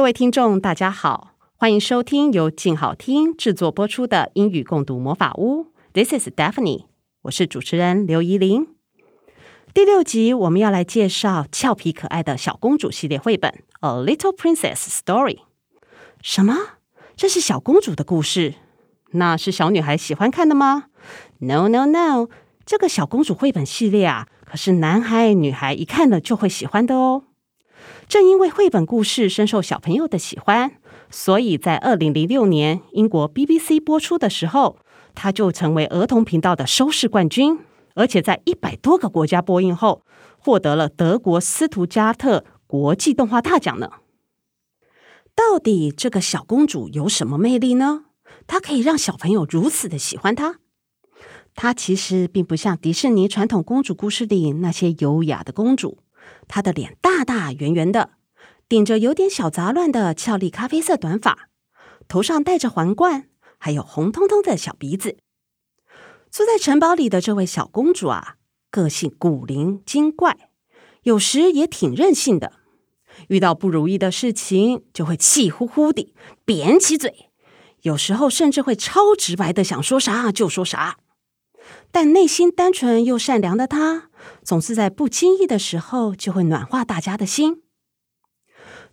各位聽眾，大家好，歡迎收聽由靜好聽製作播出的英語共讀魔法屋。This is Daphne，我是主持人劉怡伶。第六集我們要來介紹俏皮可愛的小公主系列繪本《A Little Princess Story》。什麼？這是小公主的故事？那是小女孩喜歡看的嗎？No，No，No！No, no. 這個小公主繪本系列啊，可是男孩女孩一看了就會喜歡的哦。正因為繪本故事深受小朋友的喜歡，所以在二零零六年英國 BBC 播出的時候，它就成為兒童頻道的收視冠軍，而且在一百多個國家播映後，獲得了德國斯圖加特國際動畫大獎呢。到底這個小公主有什麼魅力呢？她可以讓小朋友如此的喜歡她？她其實並不像迪士尼傳統公主故事裡那些優雅的公主。她的臉大大圓圓的，頂着有點小雜亂的俏麗咖啡色短髮，頭上戴着皇冠，還有紅彤彤的小鼻子。住在城堡裡的這位小公主啊，個性古靈精怪，有時也挺任性的，遇到不如意的事情，就會氣呼呼的扁起嘴，有時候甚至會超直白的想說啥就說啥。但內心單純又善良的她，總是在不經意的時候就會暖化大家的心。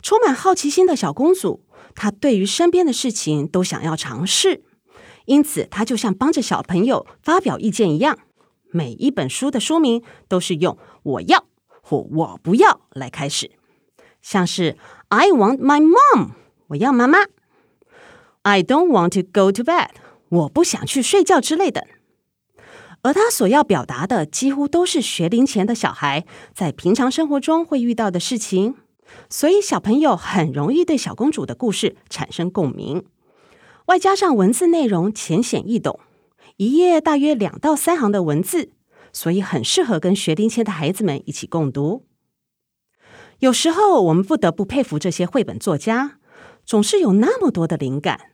充滿好奇心的小公主，她對於身邊的事情都想要嘗試，因此她就像幫着小朋友發表意見一樣，每一本書的書名都是用“我要”或“我不要”來開始，像是 “I want my mom”，我要媽媽；“I don't want to go to bed”，我不想去睡覺之類的。而他所要表達的幾乎都是學齡前的小孩在平常生活中會遇到的事情，所以小朋友很容易對小公主的故事產生共鳴。外加上文字內容淺顯易懂，一頁大約兩到三行的文字，所以很適合跟學齡前的孩子們一起共讀。有時候我們不得不佩服這些繪本作家，總是有那麼多的靈感。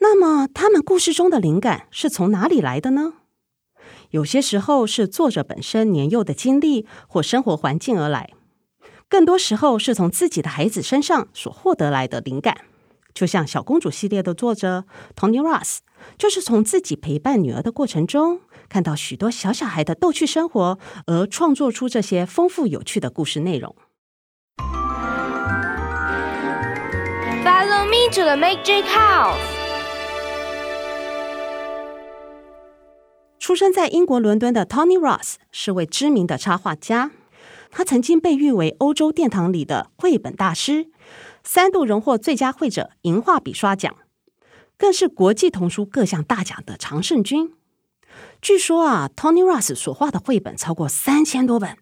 那麼他們故事中的靈感是從哪裡來的呢？有些時候是作者本身年幼的經歷或生活環境而來，更多時候是從自己的孩子身上所獲得來的靈感。就像《小公主》系列的作者 Tony Ross，就是從自己陪伴女兒的過程中，看到許多小小孩的逗趣生活，而創作出這些豐富有趣的故事內容。Follow me to the magic house. 出生在英國倫敦的 Tony Ross 是位知名的插畫家，他曾經被譽為歐洲殿堂裡的繪本大師，三度榮獲最佳繪者銀畫筆刷獎，更是國際童書各項大獎的常勝軍。據說啊，Tony Ross 所畫的繪本超過三千多本，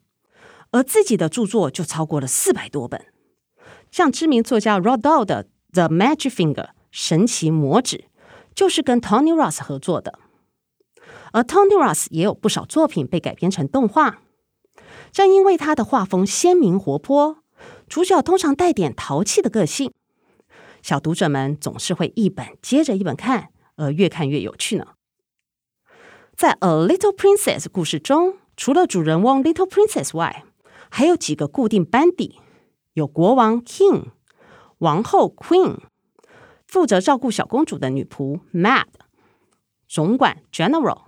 而自己的著作就超過了四百多本。像知名作家 Roald Dahl 的《The Magic Finger》神奇魔指，就是跟 Tony Ross 合作的。而 Tony Ross 也有不少作品被改編成動畫。正因為他的畫風鮮明活潑，主角通常帶點淘氣的個性，小讀者們總是會一本接着一本看，而越看越有趣呢。在《A Little Princess》故事中，除了主人翁 Little Princess 外，還有幾個固定班底：有國王 King、王后 Queen，負責照顧小公主的女僕 Mad，總管 General。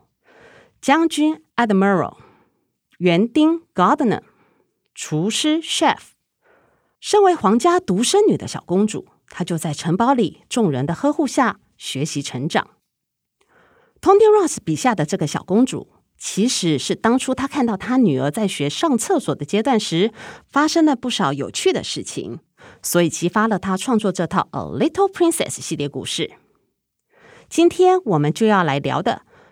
將軍 Admiral、園丁 Gardener、廚師 Chef。身為皇家獨生女的小公主，她就在城堡裡眾人的呵護下學習成長。Tony Ross 筆下的這個小公主，其實是當初她看到她女兒在學上廁所的階段時，發生了不少有趣的事情，所以啟發了她創作這套《A Little Princess》系列故事。今天我們就要來聊的，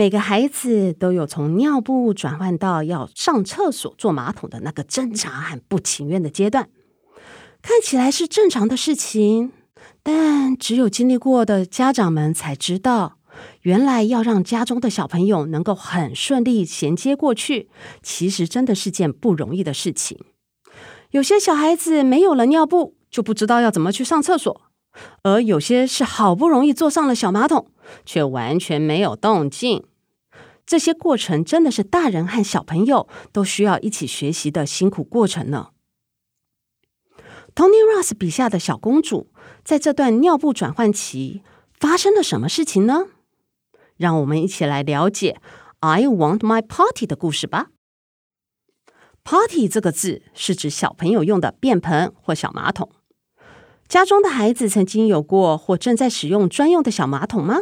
每個孩子都有從尿布轉換到要上廁所坐馬桶的那個掙扎和不情願的階段，看起來是正常的事情，但只有經歷過的家長們才知道，原來要讓家中的小朋友能夠很順利銜接過去，其實真的是件不容易的事情。有些小孩子沒有了尿布，就不知道要怎麼去上廁所。而有些是好不容易坐上了小馬桶，却完全沒有動靜。這些過程真的是大人和小朋友都需要一起學習的辛苦過程呢。Tony Ross 筆下的小公主在這段尿布轉換期發生了什麼事情呢？讓我們一起來了解《I Want My Potty》的故事吧。Potty 這個字是指小朋友用的便盆或小馬桶。家中的孩子曾經有過或正在使用專用的小馬桶嗎？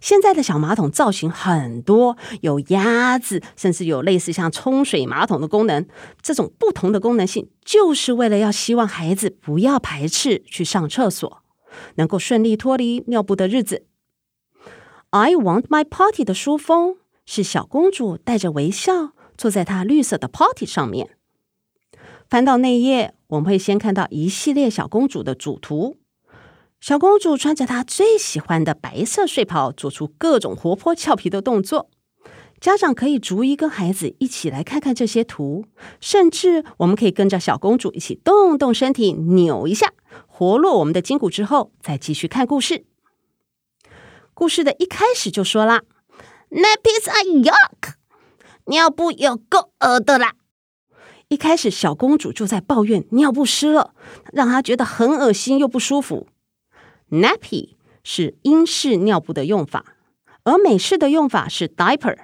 現在的小馬桶造型很多，有鴨子，甚至有類似像沖水馬桶的功能。這種不同的功能性，就是為了要希望孩子不要排斥去上廁所，能夠順利脫離尿布的日子。I Want My Potty 的書封是小公主帶着微笑坐在她綠色的 potty 上面。翻到那一頁，我們會先看到一系列小公主的主圖。小公主穿着她最喜歡的白色睡袍，做出各種活潑俏皮的動作。家長可以逐一跟孩子一起來看看這些圖，甚至我們可以跟着小公主一起動動身體，扭一下，活絡我們的筋骨之後，再繼續看故事。故事的一開始就說啦：“Nappies are yuck! 尿布有夠惡的啦。” 一開始，小公主就在抱怨尿布濕了，讓她覺得很噁心又不舒服。Nappy 是英式尿布的用法，而美式的用法是 diaper。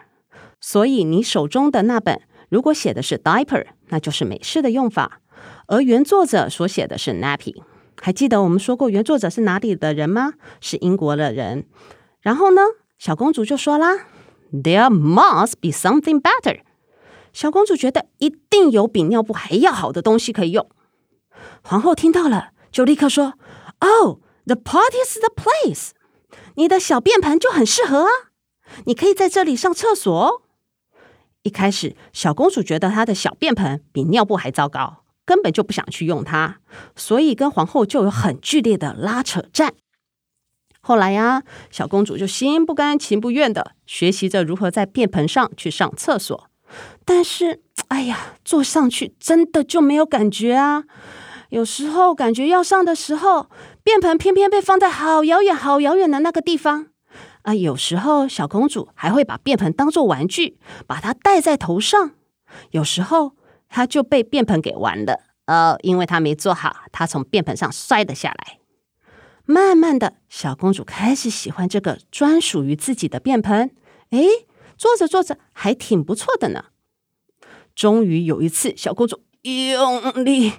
所以你手中的那本如果寫的是 diaper，那就是美式的用法，而原作者所寫的是 nappy。還記得我們說過原作者是哪裡的人嗎？是英國的人。然後呢，小公主就說啦：“There must be something better。”小公主覺得一定有比尿布還要好的東西可以用。皇后聽到了，就立刻說：“Oh, the pot's the place！你的小便盆就很適合啊，你可以在這裡上廁所哦。”一開始，小公主覺得她的小便盆比尿布還糟糕，根本就不想去用它，所以跟皇後就有很劇烈的拉扯戰。後來呀、啊，小公主就心不甘情不願的學習着如何在便盆上去上廁所。但是，哎呀，坐上去真的就沒有感覺啊！有時候感覺要上的時候，便盆偏偏被放在好遙遠、好遙遠的那個地方啊！有時候小公主還會把便盆當做玩具，把它戴在頭上。有時候她就被便盆給玩了，呃、哦，因為她沒坐好，她從便盆上摔了下來。慢慢的，小公主開始喜歡這個專屬於自己的便盆，哎，坐着坐着還挺不錯的呢。終於有一次，小公主用力、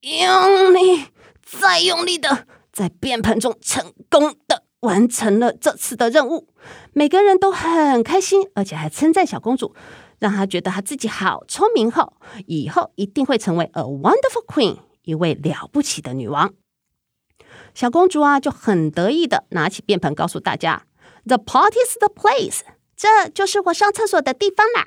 用力、再用力的，在便盆中成功的完成了這次的任務。每個人都很開心，而且還稱讚小公主，讓她覺得她自己好聰明後，後以後一定會成為 a wonderful queen，一位了不起的女王。小公主啊，就很得意的拿起便盆，告訴大家：“The potty is the place，這就是我上廁所的地方啦。”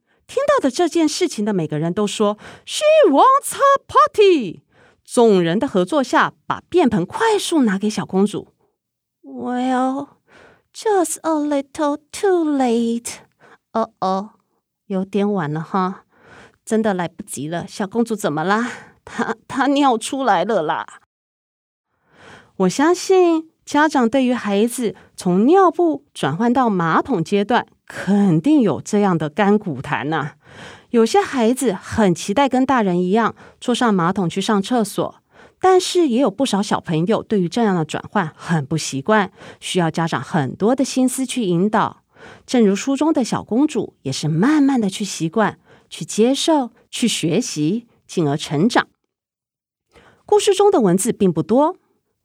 聽到的這件事情的每個人都說，She wants a party。眾人的合作下，把便盆快速拿給小公主。Well，just a little too late、uh。哦哦，有點晚了哈，huh? 真的來不及了。小公主怎麼啦？她她尿出來了啦！我相信家長對於孩子從尿布轉換到馬桶階段。肯定有這樣的甘苦談吶、啊。有些孩子很期待跟大人一樣坐上馬桶去上廁所，但是也有不少小朋友對於這樣的轉換很不習慣，需要家長很多的心思去引導。正如書中的小公主，也是慢慢的去習慣、去接受、去學習，進而成長。故事中的文字並不多，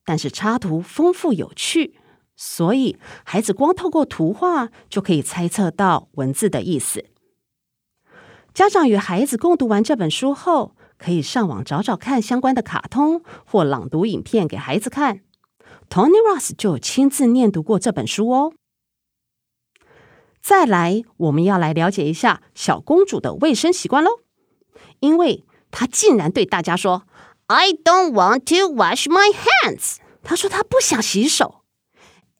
但是插圖豐富有趣。所以，孩子光透過圖畫就可以猜測到文字的意思。家長與孩子共讀完這本書後，可以上網找找看相關的卡通或朗讀影片給孩子看。Tony Ross 就親自念讀過這本書哦。再來，我們要來了解一下小公主的衛生習慣咯，因為她竟然對大家說：“I don't want to wash my hands。”她說她不想洗手。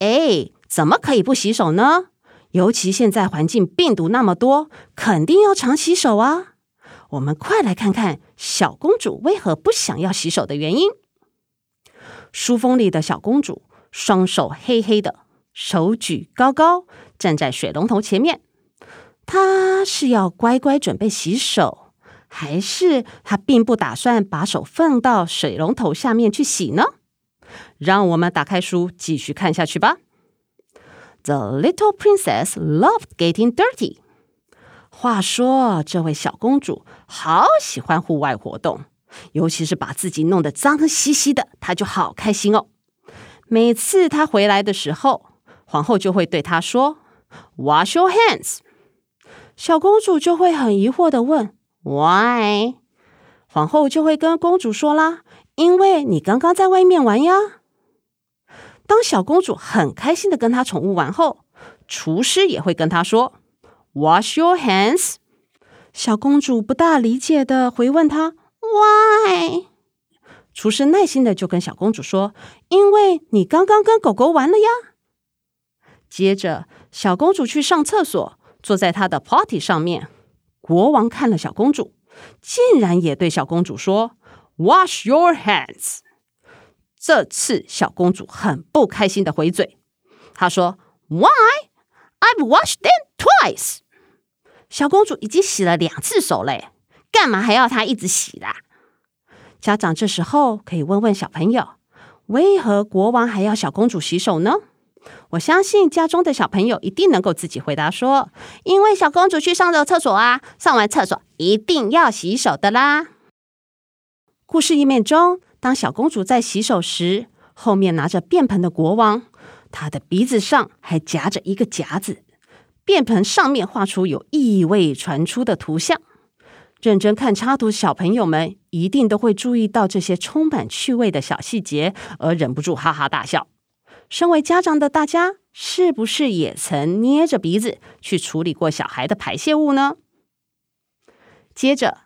哎，怎麼可以不洗手呢？尤其現在環境病毒那麼多，肯定要常洗手啊。我們快來看看小公主為何不想要洗手的原因。書封裡的小公主雙手黑黑的，手舉高高，站在水龍頭前面。她是要乖乖準備洗手，還是她並不打算把手放到水龍頭下面去洗呢？讓我們打開書，繼續看下去吧。The little princess loved getting dirty。話說，這位小公主好喜歡戶外活動，尤其是把自己弄得髒兮兮的，她就好開心哦。每次她回來的時候，皇後就會對她說：“Wash your hands。”小公主就會很疑惑地問：“Why？” 皇後就會跟公主說啦。因為你剛剛在外面玩呀。當小公主很開心的跟她寵物玩後，廚師也會跟她說：“Wash your hands。”小公主不大理解的回問他：“Why？” 廚師耐心的就跟小公主說：“因為你剛剛跟狗狗玩了呀。”接着，小公主去上廁所，坐在她的 potty 上面。國王看了小公主，竟然也對小公主說。Wash your hands。這次小公主很不開心的回嘴，她說：“Why? I've washed them twice。”小公主已經洗了兩次手嘞，幹嘛還要她一直洗啦啊？家長這時候可以問問小朋友，為何國王還要小公主洗手呢？我相信家中的小朋友一定能夠自己回答說：“因為小公主去上了廁所啊，上完廁所一定要洗手的啦。”故事頁面中，當小公主在洗手時，後面拿着便盆的國王，他的鼻子上還夾着一個夾子，便盆上面畫出有異味傳出的圖像。認真看插圖，小朋友們一定都會注意到這些充滿趣味的小細節，而忍不住哈哈大笑。身為家長的大家，是不是也曾捏着鼻子去處理過小孩的排泄物呢？接着，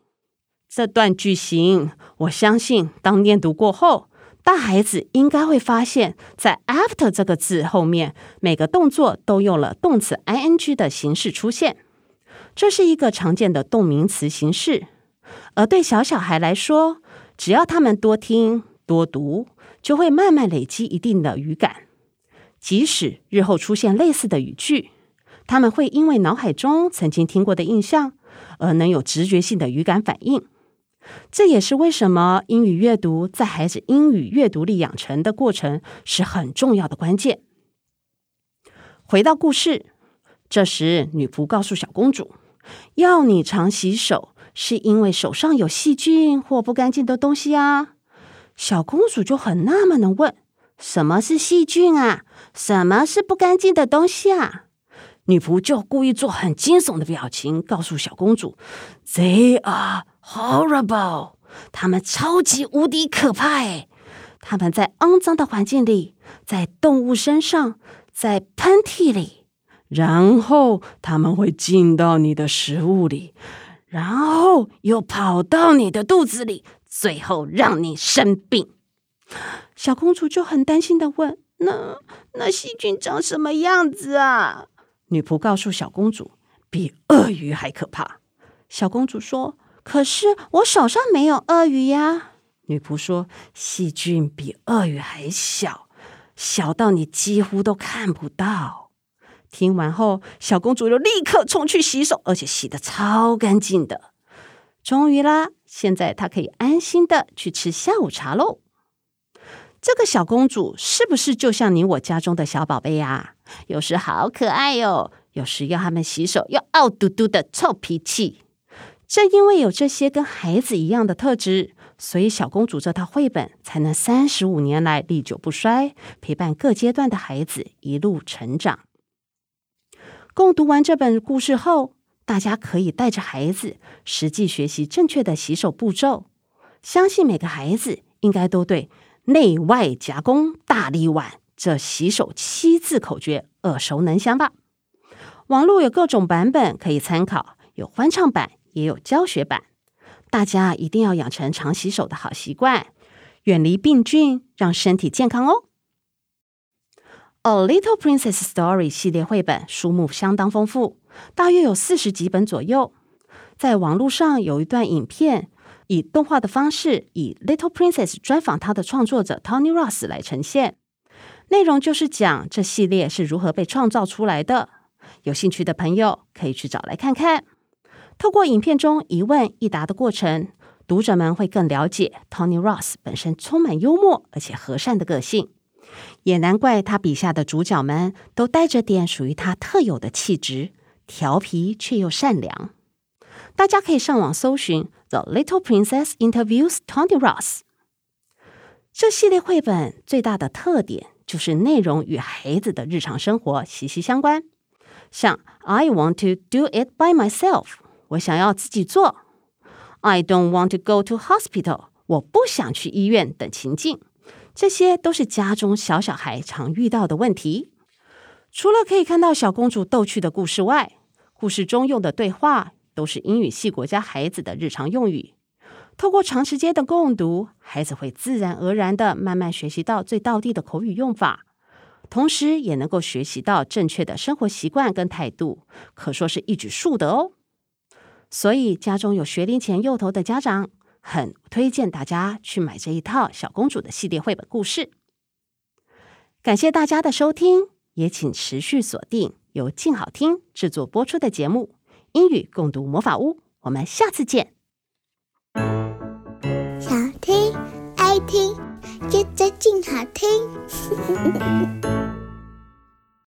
這段句型，我相信當念讀過後，大孩子應該會發現，在 after 這個字後面，每個動作都用了動詞 ing 的形式出現。這是一個常見的動名詞形式。而對小小孩來說，只要他們多聽多讀，就會慢慢累積一定的語感。即使日後出現類似的語句，他們會因為腦海中曾經聽過的印象，而能有直覺性的語感反應。這也是為什麼英語閱讀在孩子英語閱讀力養成的過程是很重要的關鍵。回到故事，這時女僕告訴小公主：“要你常洗手，是因為手上有細菌或不乾淨的東西啊。”小公主就很納悶的問：“什麼是細菌啊？什麼是不乾淨的東西啊？”女僕就故意做很驚悚的表情，告訴小公主 They are。Horrible！他們超級無敵可怕誒。他們在骯髒的環境裡，在動物身上，在噴嚏裡，然後他們會進到你的食物裡，然後又跑到你的肚子裡，最後讓你生病。小公主就很擔心的問：“那那細菌長什麼樣子啊？”女僕告訴小公主：“比鱷魚還可怕。”小公主說。可是我手上沒有鱷魚呀！女僕說：“細菌比鱷魚還小，小到你幾乎都看不到。”聽完後，小公主又立刻衝去洗手，而且洗得超乾淨的。終於啦，現在她可以安心的去吃下午茶嘍。這個小公主是不是就像你我家中的小寶貝呀？有時好可愛哦，有時要他們洗手又傲嘟嘟的臭脾氣。正因為有這些跟孩子一樣的特質，所以《小公主》這套繪本才能三十五年來歷久不衰，陪伴各階段的孩子一路成長。共讀完這本故事後，大家可以帶着孩子實際學習正確的洗手步驟。相信每個孩子應該都對“內外夾弓大立腕”這洗手七字口訣耳熟能詳吧？網絡有各種版本可以參考，有歡唱版。也有教學版，大家一定要養成常洗手的好習慣，遠離病菌，讓身體健康哦。《A Little Princess》Story 系列繪本書目相當豐富，大約有四十幾本左右。在網絡上有一段影片，以動畫的方式，以《Little Princess》專訪他的創作者 Tony Ross 來呈現，內容就是講這系列是如何被創造出來的。有興趣的朋友可以去找來看看。透過影片中一問一答的過程，讀者們會更了解 Tony Ross 本身充滿幽默而且和善的個性，也難怪他筆下的主角們都帶着點屬於他特有的氣質，調皮卻又善良。大家可以上網搜尋《The Little Princess Interviews Tony Ross》。這系列繪本最大的特點就是內容與孩子的日常生活息息相關，像《I Want to Do It by Myself》。我想要自己做。I don't want to go to hospital，我不想去醫院等情境，這些都是家中小小孩常遇到的問題。除了可以看到小公主逗趣的故事外，故事中用的對話都是英語系國家孩子的日常用語。透過長時間的共讀，孩子會自然而然的慢慢學習到最道地的口語用法，同時也能夠學習到正確的生活習慣跟態度，可說是一舉數得哦。所以，家中有學齡前幼童的家長，很推薦大家去買這一套小公主的系列繪本故事。感謝大家的收聽，也請持續鎖定由靜好聽製作播出的節目《英語共讀魔法屋》。我們下次見。想聽愛聽，接著靜好聽。